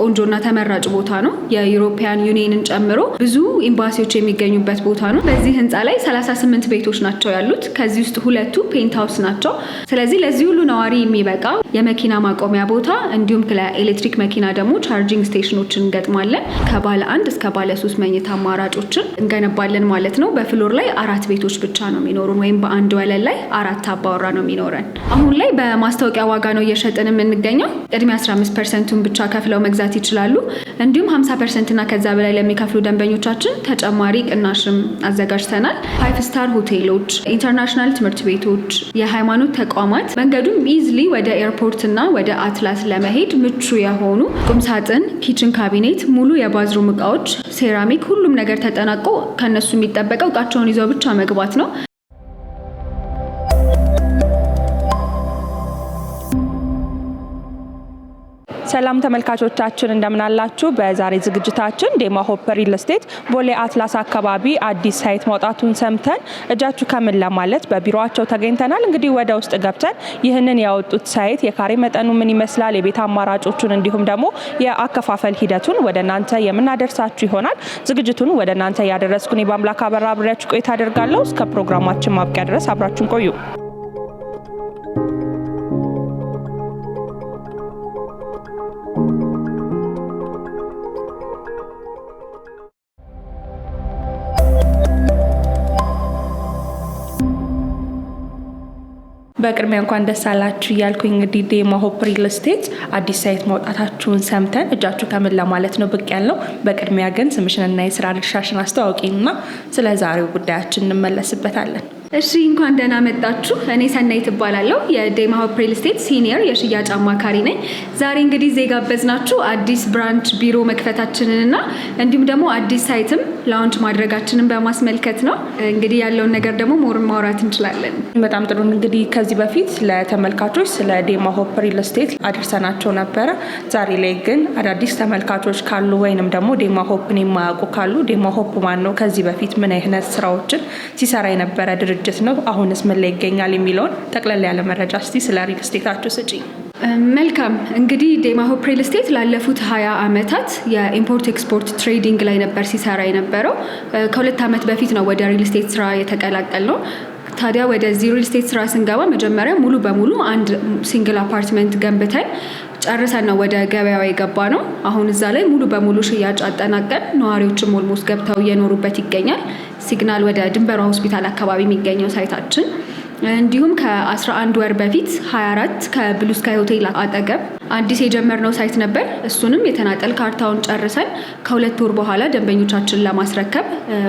ቆንጆና ተመራጭ ቦታ ነው። የዩሮፒያን ዩኒየንን ጨምሮ ብዙ ኤምባሲዎች የሚገኙበት ቦታ ነው። በዚህ ህንፃ ላይ 38 ቤቶች ናቸው ያሉት። ከዚህ ውስጥ ሁለቱ ፔንት ናቸው። ስለዚህ ለዚህ ሁሉ ነዋሪ የሚበቃ የመኪና ማቆሚያ ቦታ እንዲሁም ለኤሌክትሪክ መኪና ደግሞ ቻርጂንግ ስቴሽኖችን እንገጥማለን። ከባለ አንድ እስከ ባለ ሶስት መኝታ አማራጮችን እንገነባለን ማለት ነው። በፍሎር ላይ አራት ቤቶች ብቻ ነው የሚኖሩን ወይም በአንድ ወለል ላይ አራት አባወራ ነው የሚኖረን። አሁን ላይ በማስታወቂያ ዋጋ ነው እየሸጥን የምንገኘው። ቅድሚያ 15 ፐርሰንቱን ብቻ ከፍለው መግዛት መግዛት ይችላሉ። እንዲሁም 50 ፐርሰንት ከዛ በላይ ለሚከፍሉ ደንበኞቻችን ተጨማሪ ቅናሽም አዘጋጅተናል። ፋይፍ ስታር ሆቴሎች፣ ኢንተርናሽናል ትምህርት ቤቶች፣ የሃይማኖት ተቋማት፣ መንገዱም ኢዝሊ ወደ ኤርፖርት እና ወደ አትላስ ለመሄድ ምቹ የሆኑ ቁምሳጥን፣ ኪችን ካቢኔት፣ ሙሉ የባዝሩም እቃዎች፣ ሴራሚክ፣ ሁሉም ነገር ተጠናቆ ከነሱ የሚጠበቀው እቃቸውን ይዘው ብቻ መግባት ነው። ሰላም ተመልካቾቻችን እንደምናላችሁ። በዛሬ ዝግጅታችን ዴማ ሆፕ ሪል ስቴት ቦሌ አትላስ አካባቢ አዲስ ሳይት ማውጣቱን ሰምተን እጃችሁ ከምን ለማለት በቢሮቸው ተገኝተናል። እንግዲህ ወደ ውስጥ ገብተን ይህንን ያወጡት ሳይት የካሬ መጠኑ ምን ይመስላል፣ የቤት አማራጮቹን እንዲሁም ደግሞ የአከፋፈል ሂደቱን ወደ እናንተ የምናደርሳችሁ ይሆናል። ዝግጅቱን ወደ እናንተ ያደረስኩን በአምላክ አበራ አብሬያችሁ ቆይታ አደርጋለሁ። እስከ ፕሮግራማችን ማብቂያ ድረስ አብራችሁን ቆዩ። በቅድሚያ እንኳን ደስ አላችሁ እያልኩኝ እንግዲህ ዴማ ሆፕ ሪል ስቴት አዲስ ሳይት ማውጣታችሁን ሰምተን እጃችሁ ከምን ለማለት ነው ብቅ ያለው በቅድሚያ ግን ስምሽንና የስራ ድርሻሽን አስተዋውቂና ስለ ዛሬው ጉዳያችን እንመለስበታለን። እሺ እንኳን ደህና መጣችሁ። እኔ ሰናይ ትባላለሁ የዴማ ሆፕ ሪል ስቴት ሲኒየር የሽያጭ አማካሪ ነኝ። ዛሬ እንግዲህ ዜጋ በዝናችሁ አዲስ ብራንች ቢሮ መክፈታችንንና እንዲሁም ደግሞ አዲስ ሳይትም ላውንች ማድረጋችንን በማስመልከት ነው። እንግዲህ ያለውን ነገር ደግሞ ሞር ማውራት እንችላለን። በጣም ጥሩ። እንግዲህ ከዚህ በፊት ለተመልካቾች ስለ ዴማ ሆፕ ሪል ስቴት አድርሰናቸው ነበረ። ዛሬ ላይ ግን አዳዲስ ተመልካቾች ካሉ ወይንም ደግሞ ዴማ ሆፕን የማያውቁ ካሉ ዴማ ሆፕ ማን ነው፣ ከዚህ በፊት ምን አይነት ስራዎችን ሲሰራ የነበረ ድርጅት ድርጅት ነው? አሁንስ ምን ላይ ይገኛል የሚለውን ጠቅለል ያለ መረጃ እስቲ ስለ ሪል ስቴታችሁ ስጪ። መልካም እንግዲህ ዴማሆፕ ሆፕ ሪል ስቴት ላለፉት ሀያ ዓመታት የኢምፖርት ኤክስፖርት ትሬዲንግ ላይ ነበር ሲሰራ የነበረው። ከሁለት ዓመት በፊት ነው ወደ ሪል ስቴት ስራ የተቀላቀል ነው። ታዲያ ወደዚህ ሪል ስቴት ስራ ስንገባ መጀመሪያ ሙሉ በሙሉ አንድ ሲንግል አፓርትመንት ገንብተን ጨርሰን ነው ወደ ገበያው የገባ ነው። አሁን እዛ ላይ ሙሉ በሙሉ ሽያጭ አጠናቀን ነዋሪዎችም ኦልሞስት ገብተው እየኖሩበት ይገኛል። ሲግናል ወደ ድንበሯ ሆስፒታል አካባቢ የሚገኘው ሳይታችን እንዲሁም ከ11 ወር በፊት 24 ከብሉስካይ ሆቴል አጠገብ አዲስ የጀመርነው ሳይት ነበር። እሱንም የተናጠል ካርታውን ጨርሰን ከሁለት ወር በኋላ ደንበኞቻችን ለማስረከብ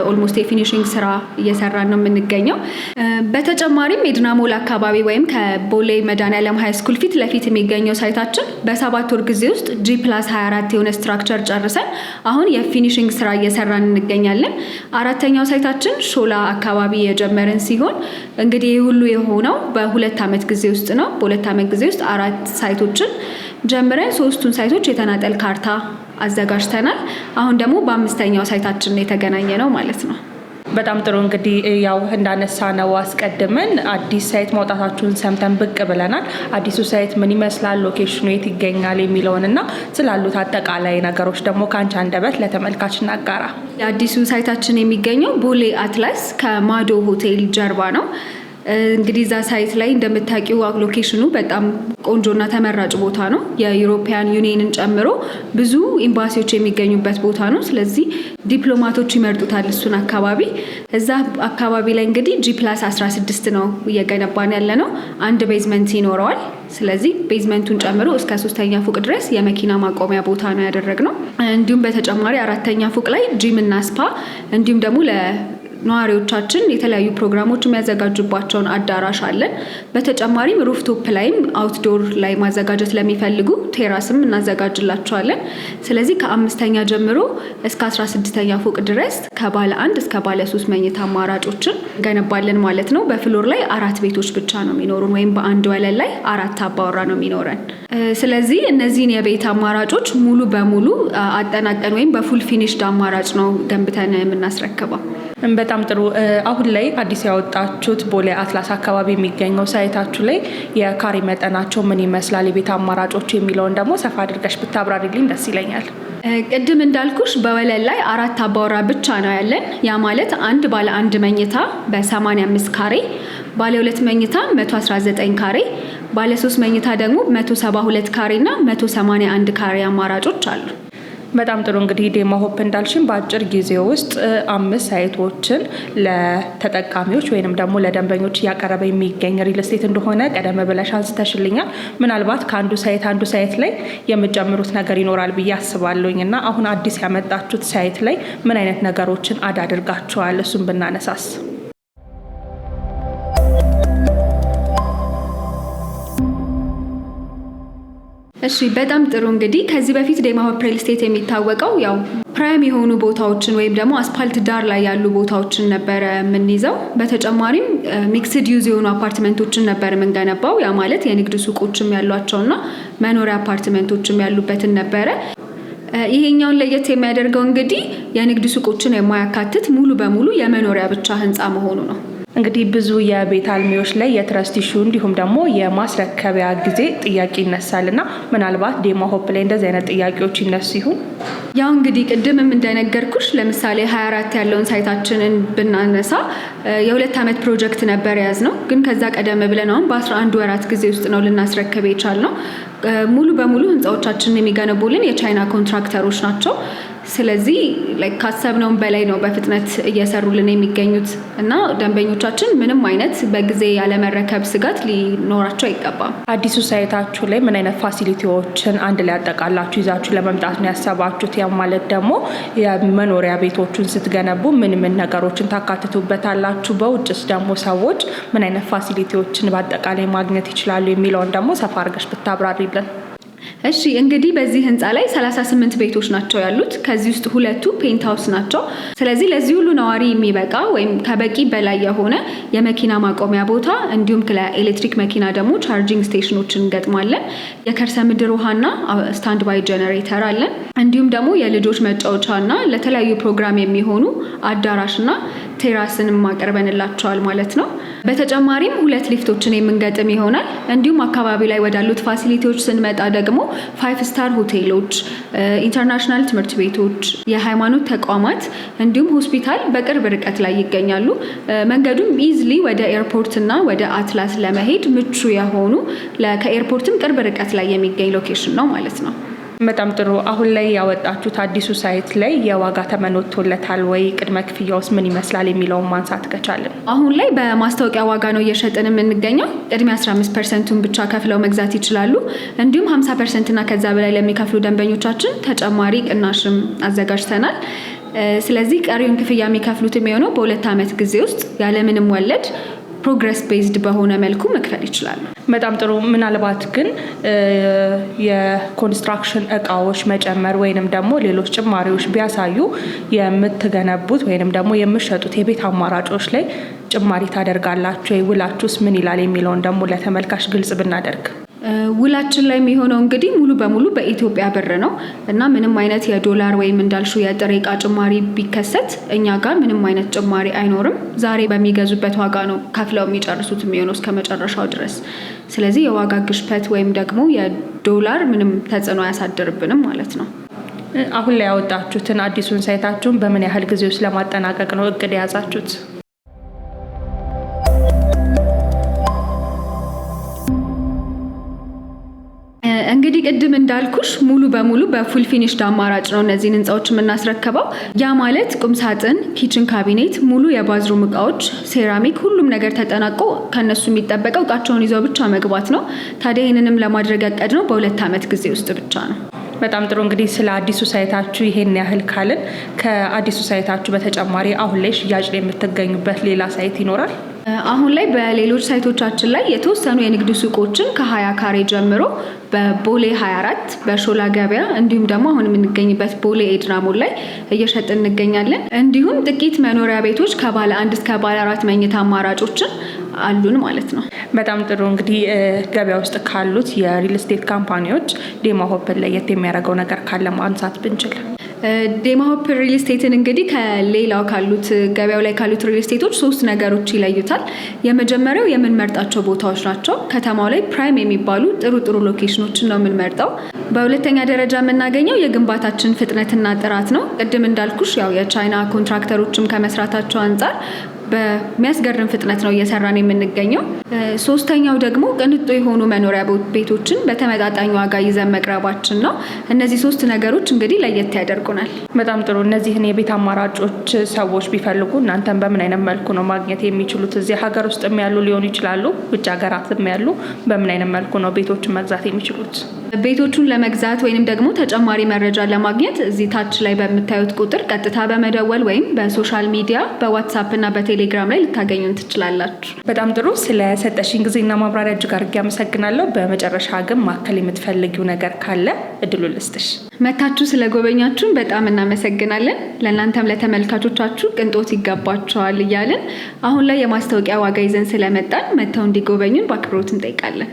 ኦልሞስት የፊኒሽንግ ስራ እየሰራን ነው የምንገኘው። በተጨማሪም የድናሞል አካባቢ ወይም ከቦሌ መድኃኔዓለም ሀይ ስኩል ፊት ለፊት የሚገኘው ሳይታችን በሰባት ወር ጊዜ ውስጥ ጂ ፕላስ 24 የሆነ ስትራክቸር ጨርሰን አሁን የፊኒሽንግ ስራ እየሰራን እንገኛለን። አራተኛው ሳይታችን ሾላ አካባቢ የጀመርን ሲሆን እንግዲህ ይህ ሁሉ የሆነው በሁለት ዓመት ጊዜ ውስጥ ነው። በሁለት ዓመት ጊዜ ውስጥ አራት ሳይቶችን ጀምረን ሶስቱን ሳይቶች የተናጠል ካርታ አዘጋጅተናል። አሁን ደግሞ በአምስተኛው ሳይታችን የተገናኘ ነው ማለት ነው። በጣም ጥሩ እንግዲህ ያው እንዳነሳ ነው አስቀድመን አዲስ ሳይት ማውጣታችሁን ሰምተን ብቅ ብለናል። አዲሱ ሳይት ምን ይመስላል፣ ሎኬሽኑ የት ይገኛል የሚለውን እና ስላሉት አጠቃላይ ነገሮች ደግሞ ከአንቺ አንደበት ለተመልካች እናጋራ። አዲሱ ሳይታችን የሚገኘው ቦሌ አትላስ ከማዶ ሆቴል ጀርባ ነው። እንግዲህ እዛ ሳይት ላይ እንደምታውቂው ሎኬሽኑ በጣም ቆንጆና ተመራጭ ቦታ ነው። የዩሮፒያን ዩኒየንን ጨምሮ ብዙ ኤምባሲዎች የሚገኙበት ቦታ ነው። ስለዚህ ዲፕሎማቶች ይመርጡታል እሱን አካባቢ። እዛ አካባቢ ላይ እንግዲህ ጂ ፕላስ 16 ነው እየገነባን ያለ ነው። አንድ ቤዝመንት ይኖረዋል። ስለዚህ ቤዝመንቱን ጨምሮ እስከ ሶስተኛ ፎቅ ድረስ የመኪና ማቆሚያ ቦታ ነው ያደረግነው። እንዲሁም በተጨማሪ አራተኛ ፎቅ ላይ ጂም እና ስፓ እንዲሁም ደግሞ ነዋሪዎቻችን የተለያዩ ፕሮግራሞች የሚያዘጋጁባቸውን አዳራሽ አለን። በተጨማሪም ሩፍቶፕ ላይም አውትዶር ላይ ማዘጋጀት ለሚፈልጉ ቴራስም እናዘጋጅላቸዋለን። ስለዚህ ከአምስተኛ ጀምሮ እስከ አስራ ስድስተኛ ፎቅ ድረስ ከባለ አንድ እስከ ባለ ሶስት መኝታ አማራጮችን ገነባለን ማለት ነው። በፍሎር ላይ አራት ቤቶች ብቻ ነው የሚኖሩን ወይም በአንድ ወለል ላይ አራት አባወራ ነው የሚኖረን። ስለዚህ እነዚህን የቤት አማራጮች ሙሉ በሙሉ አጠናቀን ወይም በፉል ፊኒሽድ አማራጭ ነው ገንብተን የምናስረክበው። በጣም ጥሩ። አሁን ላይ አዲስ ያወጣችሁት ቦሌ አትላስ አካባቢ የሚገኘው ሳይታችሁ ላይ የካሬ መጠናቸው ምን ይመስላል፣ የቤት አማራጮቹ የሚለውን ደግሞ ሰፋ አድርገሽ ብታብራሪልኝ ደስ ይለኛል። ቅድም እንዳልኩሽ በወለል ላይ አራት አባወራ ብቻ ነው ያለን። ያ ማለት አንድ ባለ አንድ መኝታ በ85 ካሬ፣ ባለ ሁለት መኝታ 119 ካሬ፣ ባለ ሶስት መኝታ ደግሞ 172 ካሬ እና 181 ካሬ አማራጮች አሉ። በጣም ጥሩ እንግዲህ ዴማ ሆፕ እንዳልሽን በአጭር ጊዜ ውስጥ አምስት ሳይቶችን ለተጠቃሚዎች ወይንም ደግሞ ለደንበኞች እያቀረበ የሚገኝ ሪል ስቴት እንደሆነ ቀደም ብለሽ አንስተሽልኛል። ምናልባት ከአንዱ ሳይት አንዱ ሳይት ላይ የምጨምሩት ነገር ይኖራል ብዬ አስባለሁኝ እና አሁን አዲስ ያመጣችሁት ሳይት ላይ ምን አይነት ነገሮችን አድ አድርጋችኋል? እሱን ብናነሳስ እሺ በጣም ጥሩ እንግዲህ ከዚህ በፊት ዴማ ሪል ስቴት የሚታወቀው ያው ፕራይም የሆኑ ቦታዎችን ወይም ደግሞ አስፓልት ዳር ላይ ያሉ ቦታዎችን ነበረ የምንይዘው። በተጨማሪም ሚክስድ ዩዝ የሆኑ አፓርትመንቶችን ነበር የምንገነባው። ያ ማለት የንግድ ሱቆችም ያሏቸውና መኖሪያ አፓርትመንቶችም ያሉበትን ነበረ። ይሄኛውን ለየት የሚያደርገው እንግዲህ የንግድ ሱቆችን የማያካትት ሙሉ በሙሉ የመኖሪያ ብቻ ህንፃ መሆኑ ነው። እንግዲህ ብዙ የቤት አልሚዎች ላይ የትረስት ኢሹ እንዲሁም ደግሞ የማስረከቢያ ጊዜ ጥያቄ እና ምናልባት ዴማ ሆፕ ላይ እንደዚህ አይነት ጥያቄዎች ይነሱ ይሁን? ያው እንግዲህ ቅድምም እንደነገርኩሽ ለምሳሌ 24 ያለውን ሳይታችንን ብናነሳ የሁለት ዓመት ፕሮጀክት ነበር የያዝ ነው። ግን ከዛ ቀደም ብለን አሁን በ11 ወራት ጊዜ ውስጥ ነው ልናስረከብ የቻልነው። ነው። ሙሉ በሙሉ ህንፃዎቻችንን የሚገነቡልን የቻይና ኮንትራክተሮች ናቸው። ስለዚህ ካሰብነውም በላይ ነው በፍጥነት እየሰሩልን የሚገኙት እና ደንበኞቻችን ምንም አይነት በጊዜ ያለመረከብ ስጋት ሊኖራቸው አይገባም። አዲሱ ሳይታችሁ ላይ ምን አይነት ፋሲሊቲዎችን አንድ ላይ ያጠቃላችሁ ይዛችሁ ለመምጣት ነው ያሰባችሁት? ያም ማለት ደግሞ የመኖሪያ ቤቶቹን ስትገነቡ ምን ምን ነገሮችን ታካትቱበታላችሁ? በውጭስ ደግሞ ሰዎች ምን አይነት ፋሲሊቲዎችን በአጠቃላይ ማግኘት ይችላሉ የሚለውን ደግሞ ሰፋ አድርገሽ ብታብራሪልን። እሺ እንግዲህ በዚህ ህንፃ ላይ 38 ቤቶች ናቸው ያሉት። ከዚህ ውስጥ ሁለቱ ፔንት ሀውስ ናቸው። ስለዚህ ለዚህ ሁሉ ነዋሪ የሚበቃ ወይም ከበቂ በላይ የሆነ የመኪና ማቆሚያ ቦታ እንዲሁም ለኤሌክትሪክ መኪና ደግሞ ቻርጂንግ ስቴሽኖችን እንገጥማለን። የከርሰ ምድር ውሃና ስታንድ ባይ ጀነሬተር አለን። እንዲሁም ደግሞ የልጆች መጫወቻና ለተለያዩ ፕሮግራም የሚሆኑ አዳራሽና ቴራስን ማቀርበንላቸዋል ማለት ነው። በተጨማሪም ሁለት ሊፍቶችን የምንገጥም ይሆናል። እንዲሁም አካባቢ ላይ ወዳሉት ፋሲሊቲዎች ስንመጣ ደግሞ ፋይቭ ስታር ሆቴሎች፣ ኢንተርናሽናል ትምህርት ቤቶች፣ የሃይማኖት ተቋማት እንዲሁም ሆስፒታል በቅርብ ርቀት ላይ ይገኛሉ። መንገዱም ኢዝሊ ወደ ኤርፖርት እና ወደ አትላስ ለመሄድ ምቹ የሆኑ ከኤርፖርትም ቅርብ ርቀት ላይ የሚገኝ ሎኬሽን ነው ማለት ነው። በጣም ጥሩ። አሁን ላይ ያወጣችሁት አዲሱ ሳይት ላይ የዋጋ ተመን ወጥቶለታል ወይ? ቅድመ ክፍያ ውስጥ ምን ይመስላል የሚለውን ማንሳት ከቻልን፣ አሁን ላይ በማስታወቂያ ዋጋ ነው እየሸጥን የምንገኘው። ቅድሚያ 15 ፐርሰንቱን ብቻ ከፍለው መግዛት ይችላሉ። እንዲሁም 50 ፐርሰንትና ከዛ በላይ ለሚከፍሉ ደንበኞቻችን ተጨማሪ ቅናሽም አዘጋጅተናል። ስለዚህ ቀሪውን ክፍያ የሚከፍሉት የሚሆነው በሁለት ዓመት ጊዜ ውስጥ ያለምንም ወለድ ፕሮግረስ ቤዝድ በሆነ መልኩ መክፈል ይችላሉ። በጣም ጥሩ። ምናልባት ግን የኮንስትራክሽን እቃዎች መጨመር ወይንም ደግሞ ሌሎች ጭማሪዎች ቢያሳዩ የምትገነቡት ወይንም ደግሞ የምሸጡት የቤት አማራጮች ላይ ጭማሪ ታደርጋላችሁ? ውላችሁስ ምን ይላል የሚለውን ደግሞ ለተመልካች ግልጽ ብናደርግ ውላችን ላይ የሚሆነው እንግዲህ ሙሉ በሙሉ በኢትዮጵያ ብር ነው እና ምንም አይነት የዶላር ወይም እንዳልሹ የጥሬ እቃ ጭማሪ ቢከሰት እኛ ጋር ምንም አይነት ጭማሪ አይኖርም። ዛሬ በሚገዙበት ዋጋ ነው ከፍለው የሚጨርሱት የሚሆነው እስከ መጨረሻው ድረስ። ስለዚህ የዋጋ ግሽበት ወይም ደግሞ የዶላር ምንም ተጽዕኖ አያሳድርብንም ማለት ነው። አሁን ላይ ያወጣችሁትን አዲሱን ሳይታችሁን በምን ያህል ጊዜ ውስጥ ለማጠናቀቅ ነው እቅድ የያዛችሁት? እንግዲህ ቅድም እንዳልኩሽ ሙሉ በሙሉ በፉል ፊኒሽድ አማራጭ ነው እነዚህን ህንፃዎች የምናስረከበው። ያ ማለት ቁምሳጥን፣ ኪችን ካቢኔት፣ ሙሉ የባዝሩም እቃዎች፣ ሴራሚክ፣ ሁሉም ነገር ተጠናቆ ከነሱ የሚጠበቀው እቃቸውን ይዘው ብቻ መግባት ነው። ታዲያ ይህንንም ለማድረግ ያቀድነው በሁለት ዓመት ጊዜ ውስጥ ብቻ ነው። በጣም ጥሩ እንግዲህ ስለ አዲሱ ሳይታችሁ ይሄን ያህል ካልን ከአዲሱ ሳይታችሁ በተጨማሪ አሁን ላይ ሽያጭ ላይ የምትገኙበት ሌላ ሳይት ይኖራል? አሁን ላይ በሌሎች ሳይቶቻችን ላይ የተወሰኑ የንግድ ሱቆችን ከሀያ ካሬ ጀምሮ በቦሌ 24 በሾላ ገበያ እንዲሁም ደግሞ አሁን የምንገኝበት ቦሌ ኤድራሞል ላይ እየሸጥ እንገኛለን። እንዲሁም ጥቂት መኖሪያ ቤቶች ከባለ አንድ እስከ ባለ አራት መኝታ አማራጮችን አሉን ማለት ነው። በጣም ጥሩ። እንግዲህ ገበያ ውስጥ ካሉት የሪል ስቴት ካምፓኒዎች ዴማ ሆፕን ለየት የሚያደርገው ነገር ካለ ማንሳት ብንችል ዴማሆፕ ሪል ስቴትን እንግዲህ ከሌላው ካሉት ገበያው ላይ ካሉት ሪል ስቴቶች ሶስት ነገሮች ይለዩታል። የመጀመሪያው የምንመርጣቸው ቦታዎች ናቸው። ከተማው ላይ ፕራይም የሚባሉ ጥሩ ጥሩ ሎኬሽኖችን ነው የምንመርጠው። በሁለተኛ ደረጃ የምናገኘው የግንባታችን ፍጥነትና ጥራት ነው። ቅድም እንዳልኩሽ ያው የቻይና ኮንትራክተሮችም ከመስራታቸው አንጻር በሚያስገርም ፍጥነት ነው እየሰራን የምንገኘው። ሶስተኛው ደግሞ ቅንጡ የሆኑ መኖሪያ ቤቶችን በተመጣጣኝ ዋጋ ይዘን መቅረባችን ነው። እነዚህ ሶስት ነገሮች እንግዲህ ለየት ያደርጉናል። በጣም ጥሩ። እነዚህን የቤት አማራጮች ሰዎች ቢፈልጉ እናንተን በምን አይነት መልኩ ነው ማግኘት የሚችሉት? እዚህ ሀገር ውስጥም ያሉ ሊሆኑ ይችላሉ፣ ውጭ ሀገራትም ያሉ በምን አይነት መልኩ ነው ቤቶችን መግዛት የሚችሉት? ቤቶቹን ለመግዛት ወይም ደግሞ ተጨማሪ መረጃ ለማግኘት እዚህ ታች ላይ በምታዩት ቁጥር ቀጥታ በመደወል ወይም በሶሻል ሚዲያ በዋትሳፕ እና በቴሌግራም ላይ ልታገኙን ትችላላችሁ። በጣም ጥሩ። ስለሰጠሽኝ ጊዜና ማብራሪያ እጅግ አድርጌ አመሰግናለሁ። በመጨረሻ ግን ማከል የምትፈልጊው ነገር ካለ እድሉ ልስጥሽ። መታችሁ ስለጎበኛችሁን በጣም እናመሰግናለን። ለእናንተም ለተመልካቾቻችሁ ቅንጦት ይገባቸዋል እያልን አሁን ላይ የማስታወቂያ ዋጋ ይዘን ስለመጣን መጥተው እንዲጎበኙን በአክብሮት እንጠይቃለን።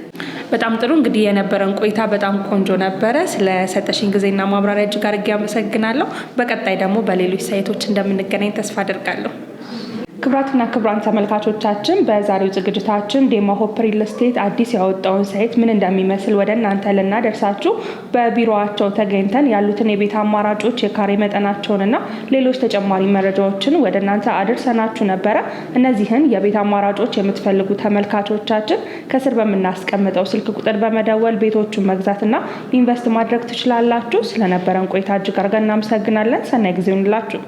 በጣም ጥሩ እንግዲህ የነበረን ቆይታ በጣም ቆንጆ ነበረ። ስለሰጠሽኝ ጊዜና ማብራሪያ እጅግ አድርጌ አመሰግናለሁ። በቀጣይ ደግሞ በሌሎች ሳይቶች እንደምንገናኝ ተስፋ አድርጋለሁ። ክብራትና ክብራን ተመልካቾቻችን በዛሬው ዝግጅታችን ዴማ ሪል ስቴት አዲስ ያወጣውን ሳይት ምን እንደሚመስል ወደ እናንተ ልናደርሳችሁ በቢሮዋቸው ተገኝተን ያሉትን የቤት አማራጮች የካሬ መጠናቸውንና ሌሎች ተጨማሪ መረጃዎችን ወደ እናንተ አድርሰናችሁ ነበረ። እነዚህን የቤት አማራጮች የምትፈልጉ ተመልካቾቻችን ከስር በምናስቀምጠው ስልክ ቁጥር በመደወል ቤቶቹን መግዛትና ኢንቨስት ማድረግ ትችላላችሁ። ስለነበረን ቆይታ እጅግ አድርገን እናመሰግናለን። ሰናይ ጊዜ ይሁንላችሁ።